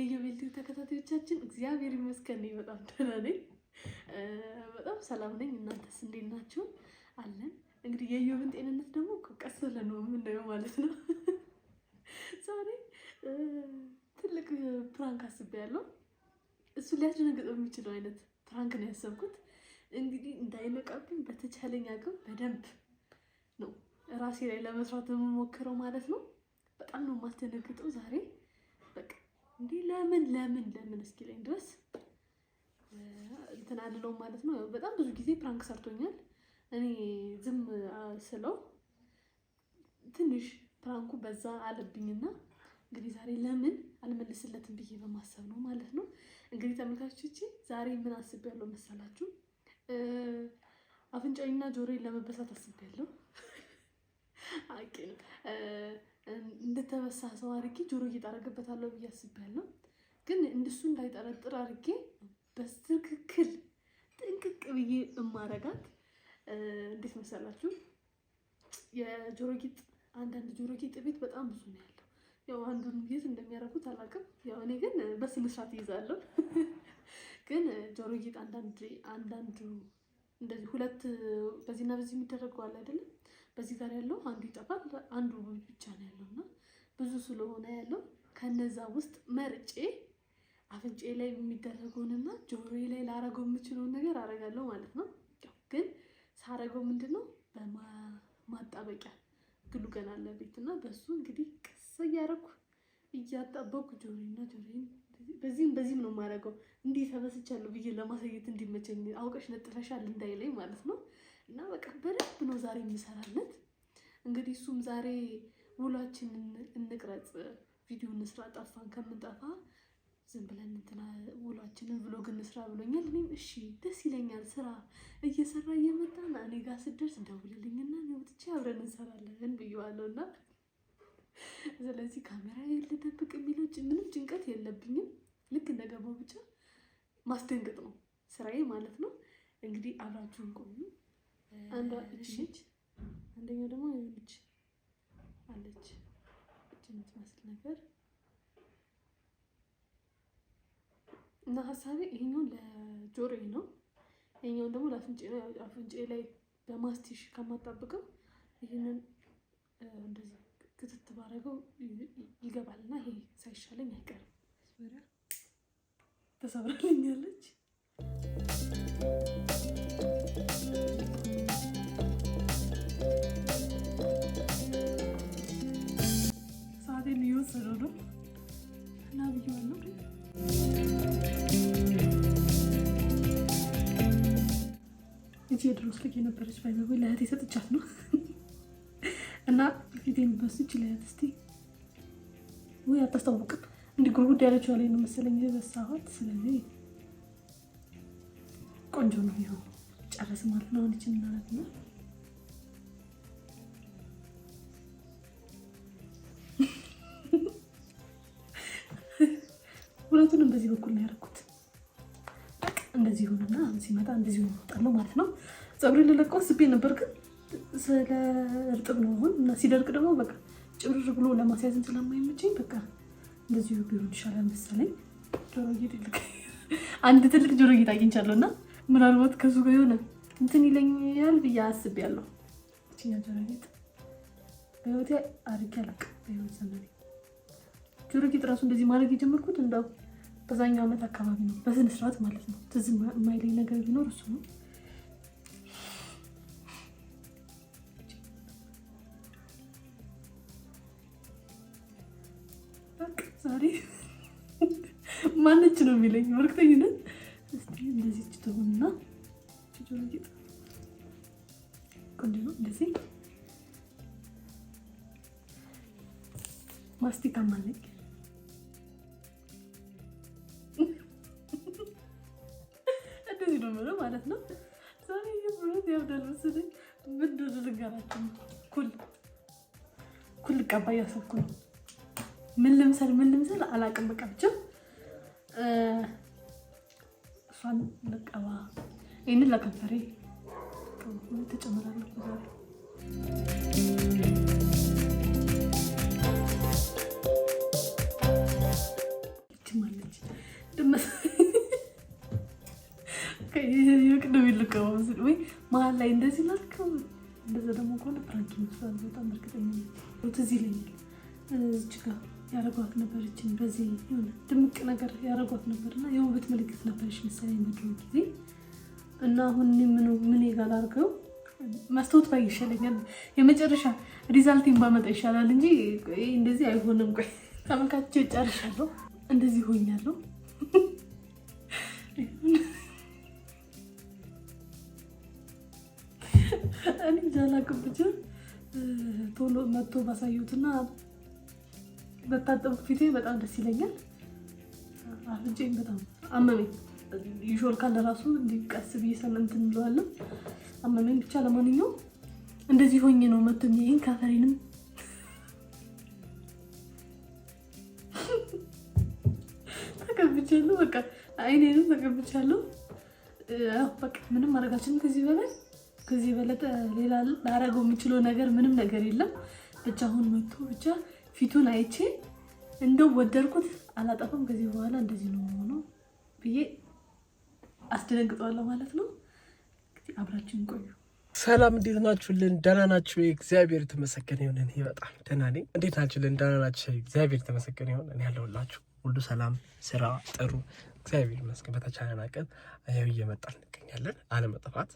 የኢዮቤል ቲቪ ተከታታዮቻችን እግዚአብሔር ይመስገን በጣም ደህና ነኝ፣ በጣም ሰላም ነኝ። እናንተስ እንዴት ናችሁ? አለን እንግዲህ የኢዮብን ጤንነት ደግሞ ቀስ ብለን ነው የምናየው ማለት ነው። ዛሬ ትልቅ ፕራንክ አስቤያለሁ። እሱ ሊያስደነግጠው የሚችለው አይነት ፕራንክ ነው ያሰብኩት። እንግዲህ እንዳይነቃብኝ በተቻለኝ አቅም በደንብ ነው ራሴ ላይ ለመስራት የምሞክረው ማለት ነው። በጣም ነው የማስደነግጠው ዛሬ እንዴ ለምን ለምን ለምን እስኪለኝ ድረስ እንትን አልለውም ማለት ነው። በጣም ብዙ ጊዜ ፕራንክ ሰርቶኛል። እኔ ዝም ስለው ትንሽ ፕራንኩ በዛ አለብኝና እንግዲህ ዛሬ ለምን አልመልስለትም ብዬ በማሰብ ነው ማለት ነው። እንግዲህ ተመልካቾች ዛሬ ምን አስቤያለሁ መሰላችሁ? አፍንጫዬና ጆሮዬን ለመበሳት አስቤያለሁ። አቄ እንደተበሳ ሰው አድርጌ ጆሮ እየጠረግበታለሁ ብዬ አስቤያለሁ። ግን እንደሱ እንዳይጠረጥር አድርጌ በትክክል ጥንቅቅ ብዬ እማረጋት እንዴት መሰላችሁ? የጆሮ ጌጥ አንዳንድ ጆሮ ጌጥ ቤት በጣም ብዙ ነው ያለው። ያው አንዱን ጌጥ እንደሚያደርጉት አላውቅም። ያው እኔ ግን በስነ ስርዓት ይይዛለሁ። ግን ጆሮ ጌጥ አንዳንድ አንዳንዱ እንደዚህ ሁለት በዚህና በዚህ የሚደረገው አለ አይደለም። በዚህ ጋር ያለው አንዱ ይጠፋል፣ አንዱ ብቻ ነው ያለው እና ብዙ ስለሆነ ያለው ከነዛ ውስጥ መርጬ አፍንጬ ላይ የሚደረገውንና ጆሮዬ ላይ ላረገው የምችለውን ነገር አረጋለሁ ማለት ነው። ግን ሳረገው ምንድን ነው በማጣበቂያ ግሉ ገና አለ ቤት እና በሱ እንግዲህ ቀስ እያረኩ እያጣበኩ ጆሮና ጆሮዬን በዚህም በዚህም ነው የማደርገው እንዲህ ተበስቻለሁ ብዬ ለማሳየት እንዲመቸኝ አውቀሽ ነጥፈሻል እንዳይለኝ ማለት ነው። እና በቃ በደንብ ነው ዛሬ የምሰራለት። እንግዲህ እሱም ዛሬ ውሏችንን እንቅረጽ፣ ቪዲዮ እንስራ፣ ጠፋን ከምንጠፋ ዝም ብለን እንትና ውሏችንን ብሎግ እንስራ ብሎኛል። እኔም እሺ ደስ ይለኛል። ስራ እየሰራ እየመጣ ና እኔ ጋር ስደርስ ደውልልኝና ወጥቼ አብረን እንሰራለን ብየዋለሁ እና ስለዚህ ካሜራ ልደብቅ የሚለው ምንም ጭንቀት የለብኝም። ልክ እንደገባው ብቻ ማስደንገጥ ነው ስራዬ ማለት ነው። እንግዲህ አብራችሁን ቆዩ። አንዷ ልጅ አንደኛው ደግሞ ልጅ አለች የምትመስል ነገር እና ሀሳቤ ይሄኛው ለጆሮዬ ነው፣ ይሄኛውን ደግሞ ለአፍንጭ ነው። ላይ በማስቲሽ ከማጣብቀው ይህንን እንደዚህ ክትት ባደረገው ይገባል እና ይሄ ሳይሻለኝ አይቀርም። ተሰብራልኛለች። ሰዓቴን እየወሰደው ነው እና ብዬዋለሁ እጅ የድሮ ስልክ የነበረች ባይዘ ለእህቴ ሰጥቻት ነው እና ፊቴን በስች ላያት እስቲ። ወይ አታስታውቅም። እንዲህ ጉርጉድ ያለችው ላይ ነው መሰለኝ የበሳኋት። ስለዚህ ቆንጆ ነው። ይኸው ጨረስ ማለት ነው። አንቺን ማለት ነው። ሁለቱንም በዚህ በኩል ነው ያደረኩት። እንደዚህ ሆነና ሲመጣ እንደዚህ ሆነ ማለት ነው። ፀጉሬን ልለቀው ስቤ ነበር ግን ስለ እርጥብ ነው አሁን እና ሲደርቅ ደግሞ በቃ ጭርር ብሎ ለማስያዝን ስለማይመቸኝ በቃ እንደዚሁ ቢሆን ይሻላል መሰለኝ። ጆሮ ጌጥ አንድ ትልቅ ጆሮ ጌጥ አግኝቻለሁ እና ምናልባት ከሱ ጋር የሆነ እንትን ይለኛል ብዬ አስቤያለሁ። ችኛ ጆሮ ጌጥ በህይወቴ አድርጌ አላውቅም። በህይወት ዘመን ጆሮ ጌጥ ራሱ እንደዚህ ማድረግ የጀመርኩት እንደው በዛኛው ዓመት አካባቢ ነው፣ በስነስርዓት ማለት ነው። ትዝ የማይለኝ ነገር ቢኖር እሱ ነው። ሶሪ ማነች ነው የሚለኝ በእርግጠኝነት። እስኪ እንደዚህ ትሆንና ጆሮ ጌጥ ቆንጆ ነው። እንደዚህ ማስቲካ ማለኝ እንደዚህ ነው የምለው ማለት ነው። ዛሬ ብሎት ያብዳል መሰለኝ። ምንድን ነው ልንገራችሁ፣ ኩል ኩል ቀባ እያሰብኩ ነው ምን ልምሰል ምን ልምሰል አላቅም። በቃ ብቻ እሷን ለቀባ ይህንን ለከንፈሬ ተጨምራለሁ ዛሬ ልቀባ ምስል ወይ መሀል ላይ እንደዚህ ላልክ እንደዛ ደግሞ ከሆነ በጣም እርግጠኛ ትዝ ይለኛል እዚህ ጋር ያደረጓት ነበር። እችን በዚህ የሆነ ድምቅ ነገር ያደረጓት ነበር እና የውበት ምልክት ነበረች መሰለኝ በድሮ ጊዜ እና አሁን ምን ምን ይጋል አርገው መስታወት ባይ ይሻለኛል። የመጨረሻ ሪዛልቲን ባመጣ ይሻላል እንጂ እንደዚህ አይሆንም። ቆይ ተመልካቸው ጨርሻለሁ። እንደዚህ ሆኛለሁ። እኔ ጃላቅብችን ቶሎ መጥቶ ባሳዩትና በታጠብኩ ፊቴ በጣም ደስ ይለኛል። አፍንጫዬን በጣም አመመኝ። ይሾልካል ራሱ እንዲቀስ ብዬ ሰምንት እንለዋለን። አመመኝ ብቻ። ለማንኛውም እንደዚህ ሆኜ ነው መቶ ይህን ከፈሬንም ተቀብቻለሁ። በቃ አይኔንም ተቀብቻለሁ። በቃ ምንም ማድረጋችን ከዚህ በላይ ከዚህ የበለጠ ሌላ ላረገው የምችለው ነገር ምንም ነገር የለም። ብቻ አሁን መቶ ብቻ ፊቱን አይቼ እንደው ወደድኩት አላጠፋም ከዚህ በኋላ እንደዚህ ነው የሆነው ብዬ አስደነግጠዋለሁ ማለት ነው። እንግዲህ አብራችን ቆዩ። ሰላም እንዴት ናችሁልን? ደህና ናችሁ? እግዚአብሔር የተመሰገነ ይሁን። እኔ በጣም ደህና ነኝ። እንዴት ናችሁልን? ደህና ናችሁ? እግዚአብሔር የተመሰገነ ይሁን። እኔ ያለሁላችሁ ሁሉ ሰላም፣ ስራ ጥሩ፣ እግዚአብሔር ይመስገን። በተቻለን አቅም ያው እየመጣን እንገኛለን አለመጠፋት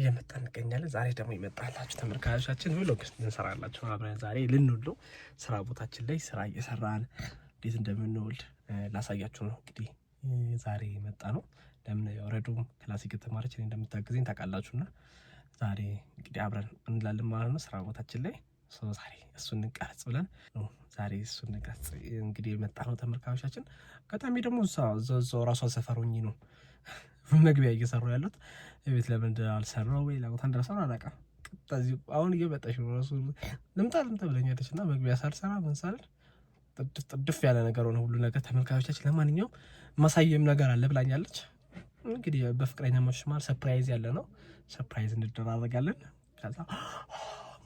እየመጣን እንገኛለን። ዛሬ ደግሞ ይመጣላችሁ ተመልካቾቻችን ብሎግ እንሰራላችሁ አብረን ዛሬ ልንውለው ስራ ቦታችን ላይ ስራ እየሰራን እንዴት እንደምንውል ላሳያችሁ ነው። እንግዲህ ዛሬ የመጣ ነው። ለምን የወረዱ ክላሲክ ተማሪች እንደምታግዘኝ ታውቃላችሁና ዛሬ እንግዲህ አብረን እንላለን ማለት ነው ስራ ቦታችን ላይ ዛሬ እሱን እንቀርጽ ብለን ነው ዛሬ እሱን እንቀርጽ እንግዲህ የመጣ ነው ተመልካቾቻችን። አጋጣሚ ደግሞ እዛው ራሷ ሰፈር ሆኜ ነው መግቢያ እየሰሩ ያሉት ቤት ለምን አልሰራው ወይ ላቦታ እንደረሰሩ አላውቅም። አሁን እየመጣሽ ነው ራሱ ልምጣ ልምጣ ብለኛለች እና መግቢያ ሳልሰራ ምን ሳልል ጥድፍ ጥድፍ ያለ ነገር ሆነ ሁሉ ነገር። ተመልካቾቻችን ለማንኛውም ማሳየም ነገር አለ ብላኛለች። እንግዲህ በፍቅረኛ ሞች ሰርፕራይዝ ያለ ነው። ሰርፕራይዝ እንደራረጋለን ከዛ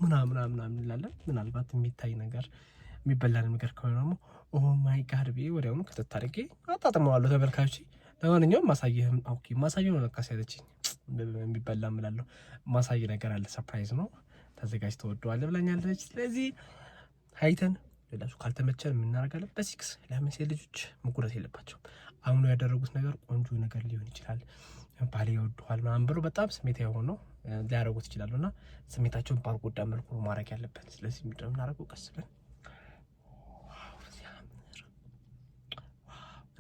ምናምን ምናምን እንላለን። ምናልባት የሚታይ ነገር የሚበላ ነገር ከሆነ ደግሞ ኦ ማይ ጋድ ብዬ ወዲያውኑ ክትት አድርጌ አጣጥመዋለሁ ተመልካቾች ለማንኛውም ማሳየህም ኦኬ ማሳየው ነው ለካስ ያለችኝ የሚበላ ምላለሁ ማሳይ ነገር አለ። ሰርፕራይዝ ነው ተዘጋጅ ተወደዋለ ብላኛለች። ስለዚህ አይተን ሌላችሁ ካልተመቸን የምናደርጋለን በሲክስ ለምን ሴት ልጆች መጉረት የለባቸው። አምኖ ያደረጉት ነገር ቆንጆ ነገር ሊሆን ይችላል። ባሌ ይወደዋል ምናምን ብሎ በጣም ስሜት የሆን ነው ሊያደረጉት ይችላሉ። እና ስሜታቸውን ባልጎዳ መልኩ ማድረግ ያለበት። ስለዚህ ምድ ነው የምናደርገው? ቀስ ብለን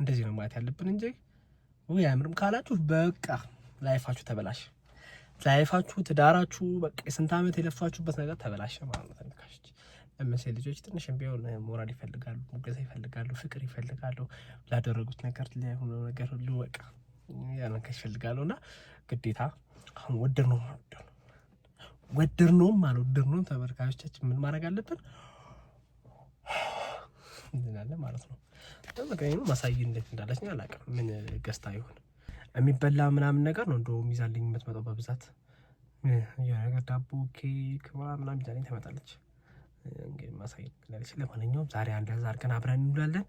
እንደዚህ ነው ማለት ያለብን እንጂ ውይ አያምርም ካላችሁ በቃ ላይፋችሁ ተበላሽ። ላይፋችሁ፣ ትዳራችሁ፣ በቃ የስንት ዓመት የለፋችሁበት ነገር ተበላሸ ማለት ነው። ተመልካቾች ልጆች ትንሽ ቢሆን ሞራል ይፈልጋሉ፣ ሙገሳ ይፈልጋሉ፣ ፍቅር ይፈልጋሉ። ላደረጉት ነገር ለሆነው ነገር ሁሉ በቃ ያንን ይፈልጋሉ እና ግዴታ አሁን ወድር ወድር ነው ወደድነውም አልወደድነውም ወደድነውም አልወደድነውም ተመልካቾቻችን ምን ማድረግ አለብን? እንላለን ማለት ነው። በቃ ማሳይ እንዴት እንዳለች አላውቅም። ምን ገዝታ ይሆን የሚበላ ምናምን ነገር ነው እንደው ሚዛልኝ የምትመጣው በብዛት የነገር ዳቦ፣ ኬክ ምናምን ይዛልኝ ትመጣለች። እንግዲህ ማሳይ ትላለች። ለማንኛውም ዛሬ አንድ ዛ አድርገን አብረን እንውላለን።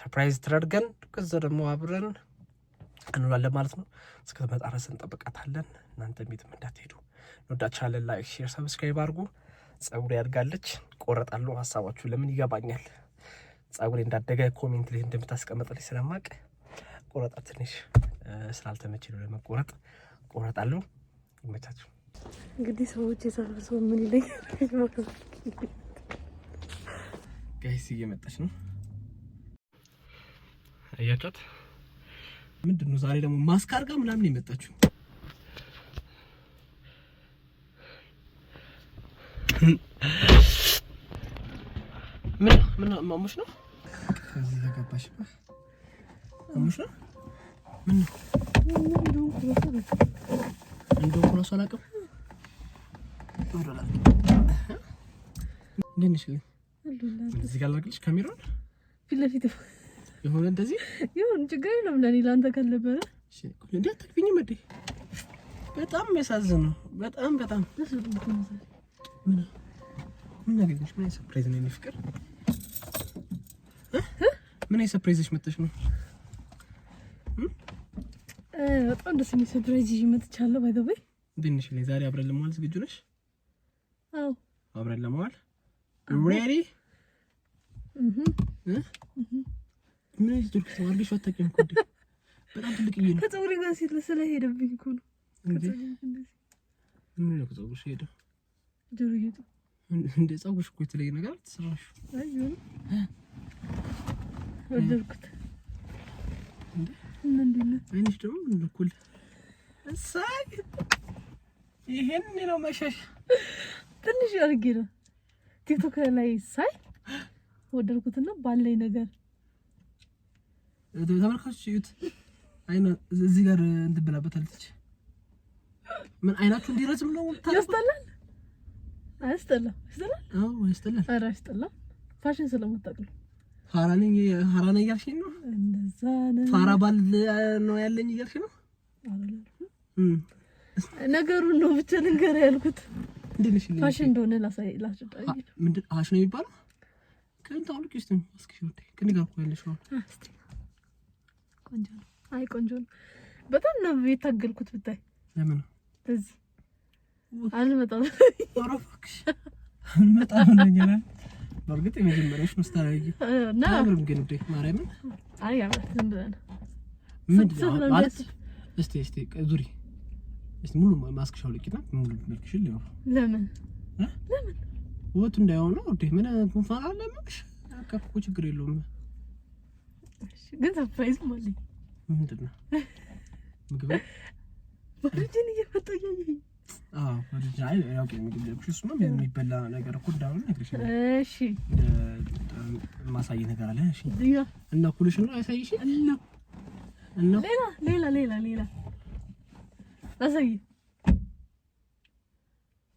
ሰርፕራይዝ ትረድገን ከዛ ደግሞ አብረን እንውላለን ማለት ነው። እስከ ድረስ እንጠብቃታለን። እናንተ ቤትም እንዳትሄዱ። እንወዳችኋለን። ላይክ፣ ሼር፣ ሰብስክራይብ አድርጉ። ጸጉር ያድጋለች፣ ቆረጣለሁ። ሀሳባችሁ ለምን ይገባኛል። ጸጉሬ እንዳደገ ኮሜንት ላይ እንደምታስቀምጥልኝ ስለማቅ ቆረጣ ትንሽ ስላልተመቸኝ ነው ለመቆረጥ ቆረጣለሁ። ይመቻችሁ። እንግዲህ ሰዎች ሰው ምን ይለኛል ጋይስ፣ እየመጣች ነው አያቻት። ምንድን ነው ዛሬ ደግሞ ማስክ አድርጋ ምናምን የመጣችሁ ምን ምን ማሞች ነው ከዚህ ተገባሽበት። ነው ምን ካሜራውን ፊት ለፊት የሆነ እንደዚህ ይሁን ችግር የለም። ለአንተ ካልነበረ በጣም የሚያሳዝን ነው። በጣም በጣም ምን ምን አገኘሽ? ምን ሰርፕራይዝ ነው የሚፍቅር ምን አይነት ሰርፕራይዝ መጥተሽ ነው? በጣም ደስ የሚል ሰርፕራይዝ መጥቻለሁ። ባይ ዘ ወይ ትንሽ ላይ ዛሬ አብረን ለመዋል ዝግጁ ነሽ? አዎ አብረን ለመዋል ሬዲ ምን አይነት ቱርክ ሰው አድርገሽ አታውቂም እኮ እንዴ! በጣም ትልቅዬ ነው። ከፀጉሬ ጋር ሲል ስለሄደብኝ እኮ ነው። ምን ነው ከፀጉርሽ ሄደ? ጆሮ ጌጥ እንደ ፀጉርሽ እኮ የተለየ ነገር አይ አትሰራሽም። ወደድኩት። አይንሽ ደግሞ ምን እሳይ ይሄን ነው መሸሽ ትንሽ አድርጌ ነው ቲክቶክ ላይ ሳይ ወደድኩትና ባለኝ ነገር ተመልካቾች እዩት። አይና እዚህ ጋር እንትን ብላበታለች። ምን አይናችሁ እንዲረዝም ነው ያስጠላል። አያስጠላም? ያስጠላል። አዎ ያስጠላል። ኧረ ፋሽን ነው ፋራ ነኝ ፋራ ነኝ እያልሽኝ ነው? እንደዛ ነው። ፋራ ባል ነው ያለኝ እያልሽ ነው? ነገሩን ነው ብቻ ልንገር ያልኩት ፋሽን እንደሆነ ላሳይ ላስጠይቅ። ምንድን ፋሽን የሚባለው ከእንታውልክ እስቲ እስኪ ወደ ከኔ ጋር ቆይ ልሽ ነው። ቆንጆ ነው። አይ ቆንጆ ነው። በጣም ነው የታገልኩት ብታይ። ለምን እዚህ አልመጣም? ኧረ እባክሽ አልመጣም ነኝ በእርግጥ የመጀመሪያዎች ምስታረጊ እና አብርም ግን እንዴ ማርያምን አይ አብርም ዙሪ እስቲ ሙሉ ማስክሽ አውልቂና ሙሉ መልክሽ ሊሆን ለምን ለምን ወጥ እንዳይሆን ምን ጉንፋን አለ ምንሽ ከፍኩ ችግር የለውም ግን ሰርፕራይዝ ማለት ምንድነው ምግብ ወርጅን እየፈጠየ የሚበላ ነገር እኮ እንዳሁን እሺ፣ ማሳይ ነገር አለ። እሺ፣ እና ኩልሽ ነው ያሳይሽ። እና ሌላ ሌላ ሌላ ሌላ አሳይ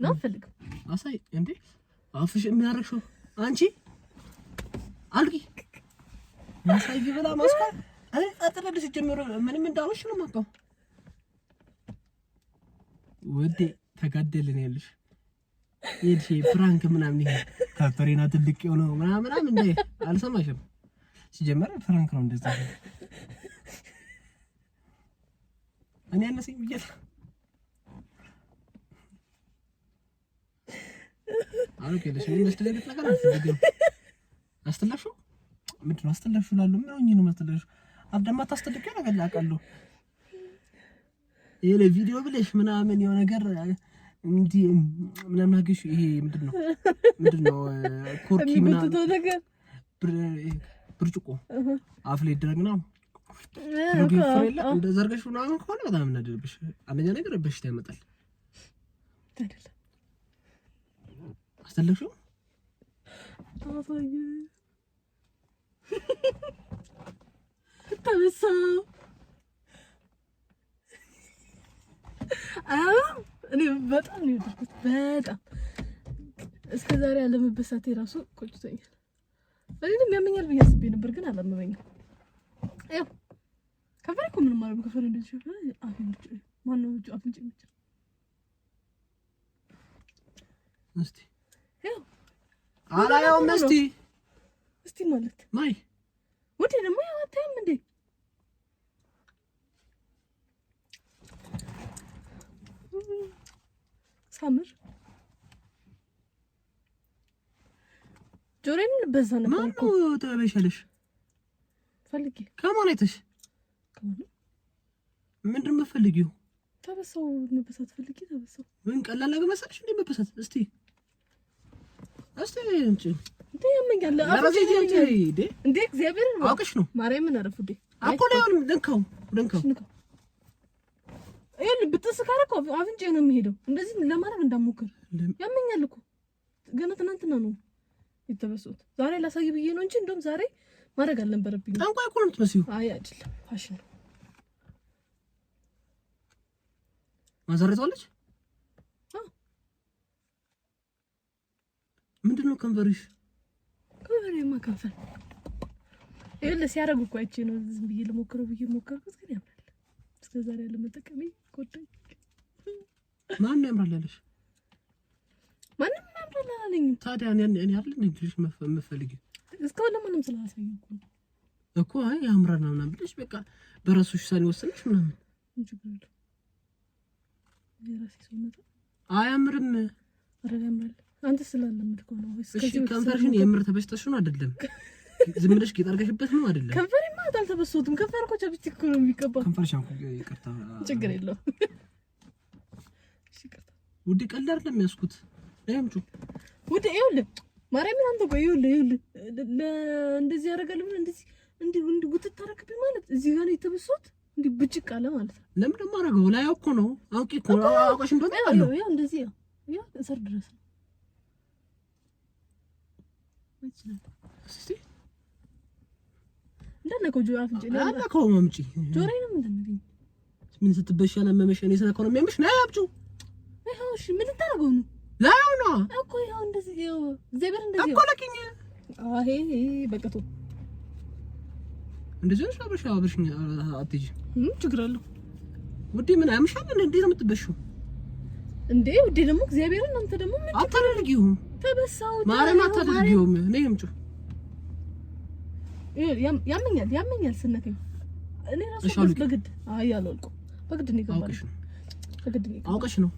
ነው አልፈልግም። አሳይ እንዴ! አፍሽ ምን አንቺ? አልጊ ማሳይ ብላ ማስፋ አይ፣ አጥረድሽ ጀምሮ ምንም እንዳሆንሽ ነው የማውቀው ወዴ ተጋደልን ያልሽ ይሄ ፍራንክ ምናምን ይሄ ካፍተሬና ትልቅ የሆነው ምናምን ምናምን እንደ አልሰማሽም። ሲጀመር ፍራንክ ነው እንደዛ። እኔ ያነሰኝ አሁን አልከለሽ ምን መስተለብት ነገር አትፈልግም። አስተላሹ ምንድን ነው አስተላሹ ላሉ ምን ሆኜ ነው አስተላሹ አዳማ ታስተልቀ ነገር ላቃለሁ ይሄ ለቪዲዮ ብለሽ ምናምን የሆነ ነገር እንዲ ምናምን አገሽ ይሄ ምንድን ነው ምንድን ነው ኮርኪ ምናምን ብርጭቆ አፍ ላይ ድረግና እንደ ዘርገሽ ምናምን ከሆነ በጣም እናደርብሽ። አንደኛ ነገር በሽታ ያመጣል። አስተለፍሽው ተበሳ እኔ በጣም ነው የወደድኩት። በጣም እስከ ዛሬ አለመበሳቴ ራሱ ቆጭቶኛል። እኔንም ያመኛል ብዬ አስቤ ነበር፣ ግን አላመመኝም። ያው ከፈሪ እኮ ምንም ማለት ነው። እንደዚህ አፍንጭ ማነው እጁ አፍንጭ ብቻ እስቲ ያው አላየውም። እስቲ እስቲ ማለት ማይ ጆሮዬ ምን በዛ ነበር እኮ ማነው ተበሻለሽ? ፈልጊ ከማኔትሽ ምንድን መፈልጊው ተበሳው መበሳት ፈልጊ ተበሳው ምን ቀላል አገ መሰለሽ እንዴ መበሳት። እስቲ እስቲ እንጂ እንዴ ያመኛል አራሴ ጀምጂ እንዴ እንዴ እግዚአብሔር ነው አውቅሽ ነው ማርያም ምን አረፉ እንዴ አቆ ለሁን ደንካው ደንካው ይሄን ብትስ ካረከው አፍንጫ ነው የሚሄደው። እንደዚህ ለማድረግ እንዳሞክር ያመኛል እኮ ገና ትናንትና ነው የተበሱት ዛሬ ላሳይ ብዬ ነው እንጂ እንደውም ዛሬ ማድረግ አልነበረብኝ። ጠንቋይ እኮ ነው የምትመስይው። አይ አይደለም፣ ፋሽን ነው። ማዘረጠዋለች። ምንድን ነው ከንፈርሽ? ከንፈሬማ ከንፈር ይኸውልህ፣ ሲያደርጉ እኮ አይቼ ነው ዝም ብዬ ልሞክረው ብዬ ሞከርኩት፣ ግን ያምራል። እስከ ዛሬ ያለመጠቀሜ ጎዳኝ። ማን ነው ያምራል ያለሽ? ለምን አላለኝም ታዲያ? እኔ አይደል እንዴ ትልሽ መፈልግ እስካሁን ለማንም ስላላሳየኝ እኮ አይ ያምራል ምናምን ብለሽ በቃ በራስሽ ውሳኔ ወሰንሽ ምናምን። አያምርም አንተ ስላለመድከው ነው። እሺ ከንፈርሽን የምር ተበስተሽ ነው አይደለም? ዝም ብለሽ ጌጥ አድርገሽበት ነው አይደለም? ከንፈር ማ ከንፈር እኮ ቻፕስቲክ ነው የሚቀባ። ከንፈር ሻምፑ ይቅርታ፣ ችግር የለውም ውዴ። ቀልድ አይደለም ያዝኩት። ወደ ይኸውልህ፣ ማርያምን አንተ ቆይ ይኸውልህ ይኸውልህ እንደዚህ ያደርጋል ብለህ እንደዚህ እንዲህ እንዲህ ጉትት ታደርግብኝ ማለት እዚህ ጋር ነው የተበሳሁት። እንዲህ ብጭቅ አለ ማለት ነው። ለምን ደግሞ አደረገው ላይ እኮ ነው አውቄ እኮ አውቀሽ እንደሆነ ያለው ያው እንደዚህ ያው ያው እሰር ድረስ ነው አፍንጭ መምጪ ምን ስትበሻ ለመመሽ እኔ ስለኮ ነው የሚያምሽ ነው ያብጩ። እሺ ምን ታደርገው ነው ያው ነው እኮ ያው እንደዚህ ያው እግዚአብሔር እንደዚህ እኮ ለኪኝ አሄ በቀቶ እንደዚህ ነው ሻብሽ አብረሽኝ አትጂ ምን ችግር አለው ውዴ ምን አምሻል እንዴ ነው የምትበሽው እንዴ ውዴ ደግሞ እግዚአብሔር እናንተ ደግሞ ምን አታደርጊው ተበሳው ማረም አታደርጊው እኔ የምጩ ያመኛል ያመኛል እኔ ራሱ በግድ አይ በግድ ነው አውቀሽ ነው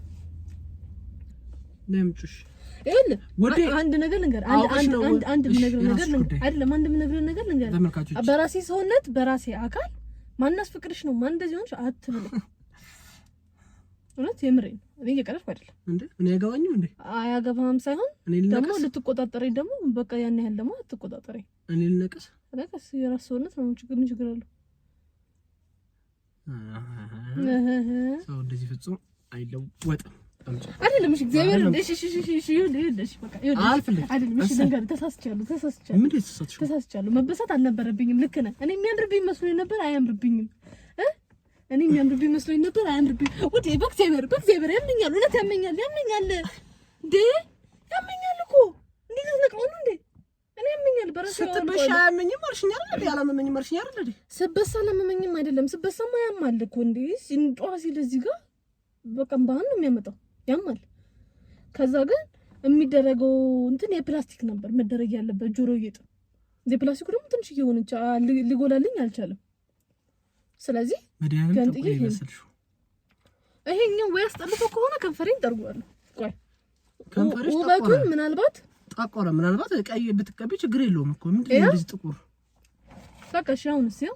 ለምጩሽ አንድ ነገር ልንገር፣ አንድ አንድ አንድ የምነግርህ ነገር ልንገር፣ በራሴ ሰውነት በራሴ አካል ማናስ ፍቅርሽ ነው ማን እንደዚህ ሆንሽ አትበለኝ። እውነት የምሬን እኔ እየቀረፍኩ አይደለም እንዴ? እኔ አያገባኝም እንዴ? አያገባህም ሳይሆን ደግሞ ልትቆጣጠረኝ ደግሞ በቃ ያን ያህል ደግሞ አትቆጣጠረኝ። እኔ ልነቀስ ነቀስ የራስ ሰውነት ነው። ችግር ምን ችግር አለው? ሰው እንደዚህ ፍጹም አይለወጥም። አይደለም። አይደለም፣ መበሳት አልነበረብኝም። ልክ ነህ። እኔ የሚያምርብኝ መስሎኝ ነበር፣ አያምርብኝም እኔ የሚያምርብኝ መስሎኝ ነበር፣ ውዴ፣ በእግዚአብሔር በእግዚአብሔር፣ ያመኛል፣ እውነት ያመኛል፣ ያመኛል፣ ያመኛል እኮ እንዴ? እኔ ያመኛል በራሴ ስትበሻ አያመኝም አልሽኝ አይደል? አልሽኝ አይደል? ስበሳ አላመመኝም አይደለም። ስበሳማ ያማል እኮ እንዴ! ሲንጧ ሲል እዚህ ጋር በቃ እምባህን ነው የሚያመጣው ያማል። ከዛ ግን የሚደረገው እንትን የፕላስቲክ ነበር መደረግ ያለበት ጆሮ ጌጥ። ፕላስቲኩ ደግሞ ትንሽ እየሆን ሊጎላልኝ አልቻለም። ስለዚህ ይሄኛው ወይ አስጠልፎ ከሆነ ከንፈሬን ጠርጓለሁ። ውበቱን ምናልባት ጠቆረ፣ ምናልባት ቀይ ብትቀቢ ችግር የለውም እኮ ምንድን ነው ጥቁር በቃ ሻውን ሲያው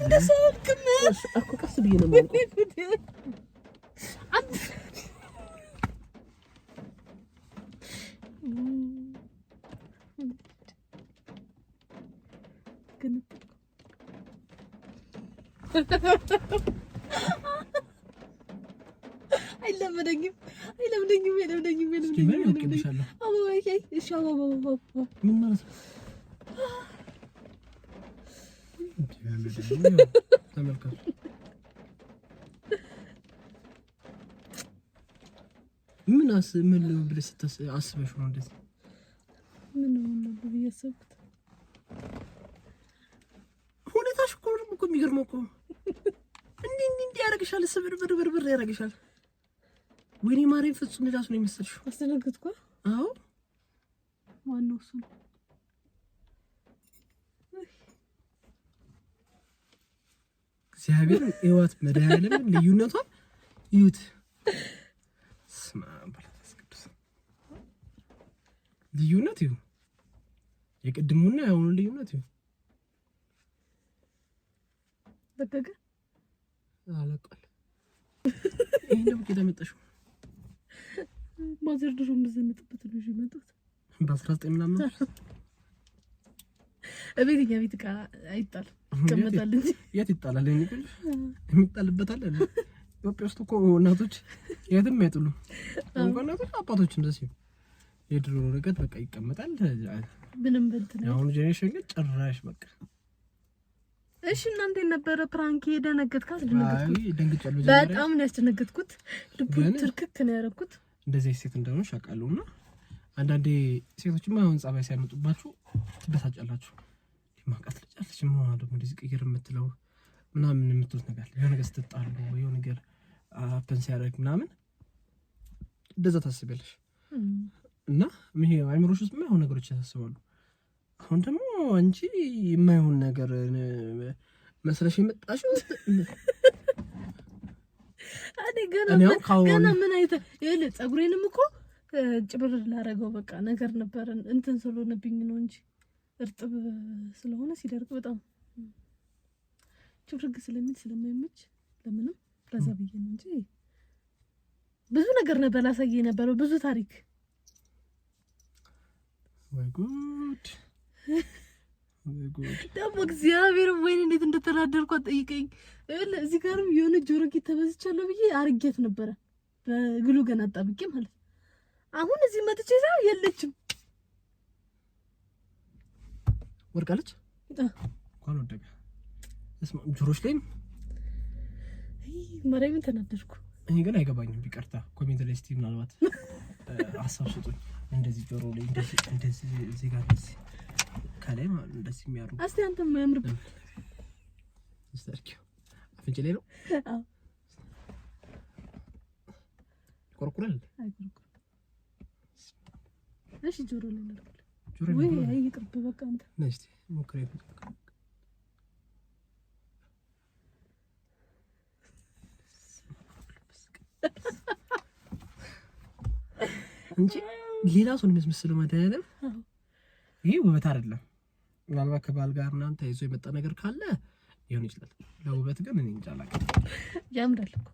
Ne sağlıklı mı? Ako kasu bir yine mi? Alam dagim. Alam dagim, alam dagim, alam dagim. Kimler yok ki dışarıda? Ama erkek. İnşallah baba baba. Bunlar ተመልከቱ። ምን ምን ብለሽ አስበሽ ነው እንደዚህ? ምን ነው ያሰብኩት? ሁኔታሽ እኮ እኮ የሚገርመው እኮ እንዲህ እንዲህ እንዲህ ያደርግሻል፣ ስብርብር ብርብር ያደርግሻል። ወይኔ ማርያም፣ ፍጹም ሌላ ነው የመሰልሽው። አስደነገጥኩ። አዎ እሱ ነው እግዚአብሔር ህይወት መድኃኒዓለም ልዩነቷን እዩት። ልዩነት ይሁ የቅድሙና የአሁኑ ልዩነት ይሁ ደገገ አላውቅም። ይሄን ደግሞ የተመጣሽው ማዘር ድሮ እንደዚህ ልጅ መጣት በአስራ ዘጠኝ ምናምን እቤት ቤት እቃ አይጣል ይቀመጣል እንጂ የት ይጣላል? የሚጣልበት አለ ኢትዮጵያ ውስጥ እኮ እናቶች የትም አይጥሉም። እንኳን እናቶች አባቶች እንደዚህ የድሮ ወረቀት በቃ ይቀመጣል። ምንም በእንትን አሁን ጀኔሬሽን ግን ጭራሽ በቃ እሺ እናንተ የነበረ ፕራንክ የደነገጥካት ደነገጥኩት። በጣም ነው ያስደነገጥኩት። ልቡ ትርክክ ነው ያደረኩት። እንደዚህ ሴት እንደሆነች አውቃለሁ እና አንዳንዴ ሴቶችማ አሁን ጸባይ ሲያመጡባችሁ ትበሳጫላችሁ። ማቃት ልጫለች መሆና ደግሞ እንደዚህ ቅይር የምትለው ምናምን የምትሉት ነገር የሆነ ነገር ስትጣሉ የሆነ ነገር አፐን ሲያደርግ ምናምን እንደዛ ታስቢያለሽ እና ይሄ አይምሮሽ ውስጥ የማይሆን ነገሮች ያሳስባሉ። አሁን ደግሞ አንቺ የማይሆን ነገር መስለሽ የመጣሽ ገና ምን አይተ ይኸውልህ፣ ፀጉሬንም እኮ ጭብርር ላረገው በቃ ነገር ነበረን እንትን ስለሆነብኝ ነው እንጂ እርጥብ ስለሆነ ሲደርቅ በጣም ችፍርግ ስለሚል ስለማይመች ለምንም ለዛ ብዬ ነው እንጂ ብዙ ነገር ነበር ላሳየ የነበረው ብዙ ታሪክ። ወይ ጉድ ደግሞ እግዚአብሔር ወይን እንዴት እንደተናደርኩ አጠይቀኝ። እዚህ ጋርም የሆነ ጆሮ ጌጥ ተበዝቻለሁ ብዬ አርጌት ነበረ በግሉ ገና አጣብቄ ማለት ነው። አሁን እዚህ መጥቼ የለችም ወድቃለች። እንኳን ወደቀ እስማ ጆሮች ላይ ማርያምን ተናደድኩ። እኔ ግን አይገባኝም። ቢቀርታ ኮሜንት ላይ እስቲ ምናልባት ሀሳብ ስጡኝ። እንደዚህ ጆሮ ላይ እንደዚህ እንደዚህ እዚህ ጋር እንደዚህ ከላይ እንደዚህ የሚያደርጉ እስቲ አንተ የማያምርብህ አፍንጭ ላይ ነው አዎ አይ ይቆረቁራል። እሺ ጆሮ ላይ ነው እንጂ ሌላ ሰው የሚያስመስለው መድኃኒዓለም ይህ ውበት አይደለም። ምናልባት ከባል ጋር እናንተ ይዞ የመጣ ነገር ካለ ሊሆን ይችላል። ለውበት ግን እኔ እንጃ አላውቅም። ያምራል እኮ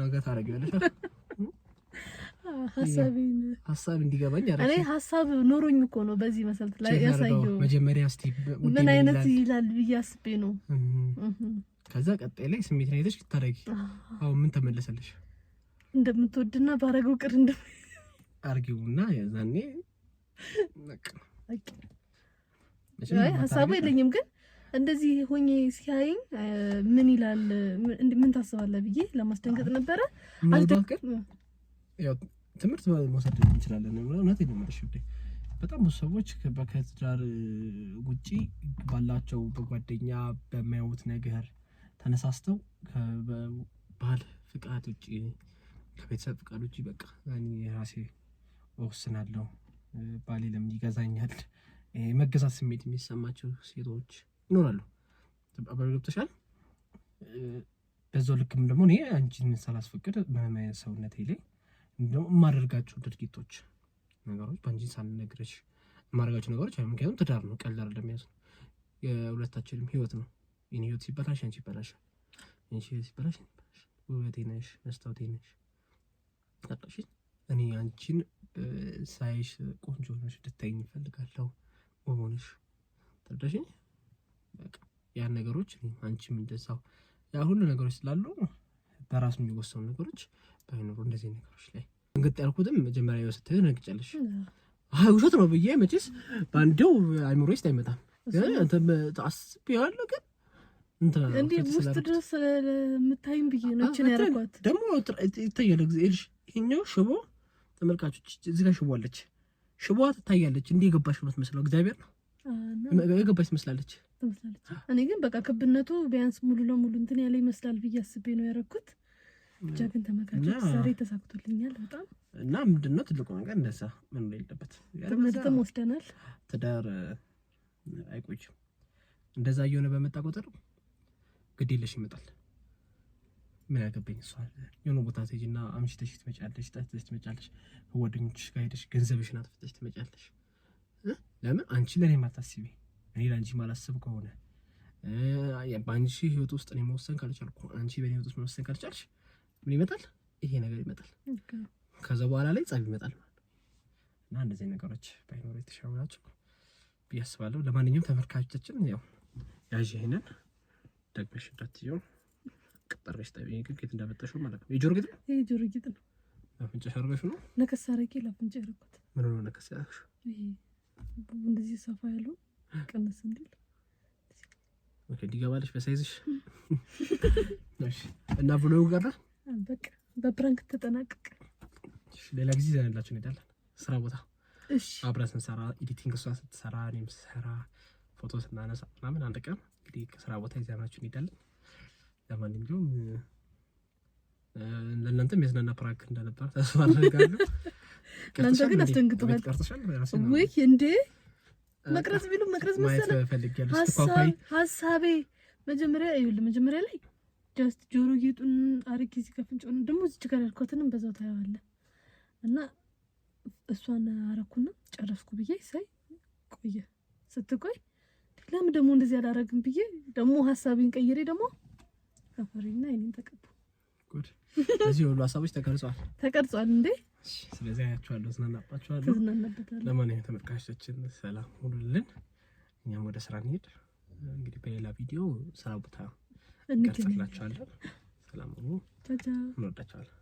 ነገ ታደርጊዋለሽ። ሀሳብ እንዲገባኝ እኔ ሀሳብ ኖሮኝ እኮ ነው በዚህ መሰረት ላይ ያሳየው። መጀመሪያ እስቲ ምን አይነት ይላል ብዬ አስቤ ነው። ከዛ ቀጣይ ላይ ስሜት አይተሽ ልታደርጊ አሁን ምን ተመለሰልሽ? እንደምትወድና ባረገው ቅር እንደ አርጊውና የዛኔ ሀሳቡ የለኝም ግን እንደዚህ ሆኜ ሲያይኝ ምን ይላል ምን ታስባለህ ብዬ ለማስደንገጥ ነበረ። ትምህርት መውሰድ እንችላለን። እውነት የለመደሽ ጉዳይ በጣም ብዙ ሰዎች ከትዳር ውጪ ባላቸው በጓደኛ በሚያዩት ነገር ተነሳስተው ከባል ፍቃድ ውጭ ከቤተሰብ ፍቃድ ውጭ በቃ እኔ ራሴ ወስናለሁ፣ ባሌ ለምን ይገዛኛል፣ የመገዛት ስሜት የሚሰማቸው ሴቶች ይኖራሉ። አብረን ገብተሻል። በዛው ልክም ደግሞ እኔ አንቺን ሳላስፈቅድ ምንም አይነት ሰውነቴ ላይ እንደው የማደርጋቸው ድርጊቶች ነገሮች በአንቺ ሳልነግርሽ የማደርጋቸው ነገሮች አይ፣ ምክንያቱም ትዳር ነው ቀላል አይደለም። ያዝ የሁለታችንም ህይወት ነው። የኔ ህይወት ሲበላሽ አንቺ ይበላሽ፣ አንቺ ህይወት ሲበላሽ ውበቴ ነሽ፣ መስታወቴ ነሽ። ታጣሽ እኔ አንቺን ሳይሽ ቆንጆ ነሽ ልታይኝ እፈልጋለሁ፣ ሆነሽ ታጣሽ። በቃ ያን ነገሮች አንቺም እንደዛው ያ ሁሉ ነገሮች ስላሉ በራስ የሚወሰኑ ነገሮች አይኖሩ እንደዚህ ነገሮች ላይ እንግጥ ያልኩትም መጀመሪያ ነግጫለሽ ውሸት ነው ብዬ መቼስ በአንዴው አይምሮ ውስጥ አይመጣም። አስቤዋለሁ ግን ግን በቃ ክብነቱ ቢያንስ ሙሉ ለሙሉ እንትን ያለ ይመስላል ብዬ አስቤ ነው ያደረኩት። ብቻ ግን ተመካቾች ዛሬ ተሳክቶልኛል በጣም እና ምንድን ነው ትልቁ ነገር እንደዛ ምን የለበት ትምህርትም ወስደናል። ትዳር አይቆይም። እንደዛ እየሆነ በመጣ ቁጥር ግድ የለሽ ይመጣል። ምን ያገባኝ እሷ የሆነ ቦታ እና አምሽተሽ ትመጫለሽ፣ ጠጥተሽ ትመጫለሽ፣ ከጓደኞችሽ ጋር ሄደሽ ገንዘብሽን አጥፍተሽ ትመጫለሽ። ለምን አንቺ ለእኔ ማታስቢ እኔ ለአንቺ ማላስብ ከሆነ በአንቺ ህይወት ውስጥ እኔ መወሰን ካልቻልኩ አንቺ በእኔ ህይወት ውስጥ መወሰን ካልቻልሽ ምን ይመጣል? ይሄ ነገር ይመጣል። ከዛ በኋላ ላይ ጸብ ይመጣል ማለት ነው። እና እንደዚህ ነገሮች ባይኖር የተሻለ ናቸው ብዬ አስባለሁ። ለማንኛውም ተመልካቾቻችን ያው ያዥ ይሄንን ደግመሽ እንዳትዪው ቀጠረሽ ጠብቂኝ። ግግት እንዳመጣሽው ማለት ነው። የጆሮ ጌጥ ነው፣ የጆሮ ጌጥ ነው። አፍንጫሽ አድርገሽ ነው ነከስ አድርጌ ለአፍንጫ ያደረኩት። ምን ነው ነከስ ያደረግሽ? እንደዚህ ሰፋ ያለው ቀነስ እንዲል ኦኬ፣ እንዲገባልሽ በሳይዝሽ እና ብሎ ጋራ በቃ በፕራንክ ተጠናቀቀ። ሌላ ጊዜ ይዘንላችሁ እንሄዳለን ስራ ቦታ አብረን ስንሰራ ኤዲቲንግ እሷ ስትሰራ እኔም ስሰራ ፎቶ ስናነሳ ምናምን አንድ ቀን እንግዲህ ከስራ ቦታ ይዘናችሁ እንሄዳለን። ለማንኛውም ለእናንተ የሚያዝናና ፕራንክ እንደነበር ተስፋ አደርጋለሁ። ለአንተ ግን አስደንግጦሃል ወይ እንዴ? መቅረጽ ቢሉ መቅረጽ መሰለህ ሀሳቤ መጀመሪያ መጀመሪያ ላይ ጀስት ጆሮ ጌጡን አርግ እዚህ ከፍንጮ ነው ደግሞ እዚህ ጋር ያልኳትንም በዛው ታየዋለ እና እሷን አረኩና ጨረስኩ ብዬ ሳይ ቆየ ስትቆይ ለምን ደግሞ እንደዚህ አላረግም ብዬ ደግሞ ሀሳቤን ቀይሬ ደግሞ ከፈሬና ይህንን ተቀቡ እዚህ ሁሉ ሀሳቦች ተቀርጿል ተቀርጿል እንዴ ስለዚህ አያችኋለሁ እዝናናባችኋለሁ እዝናናበታለሁ ለማንኛውም ተመልካቾቻችን ሰላም ሁሉልን፣ እኛም ወደ ስራ እንሄድ እንግዲህ በሌላ ቪዲዮ ስራ ቦታ እንቀርጽላችኋለን። ሰላም ሁኑ። እንወዳችኋለን።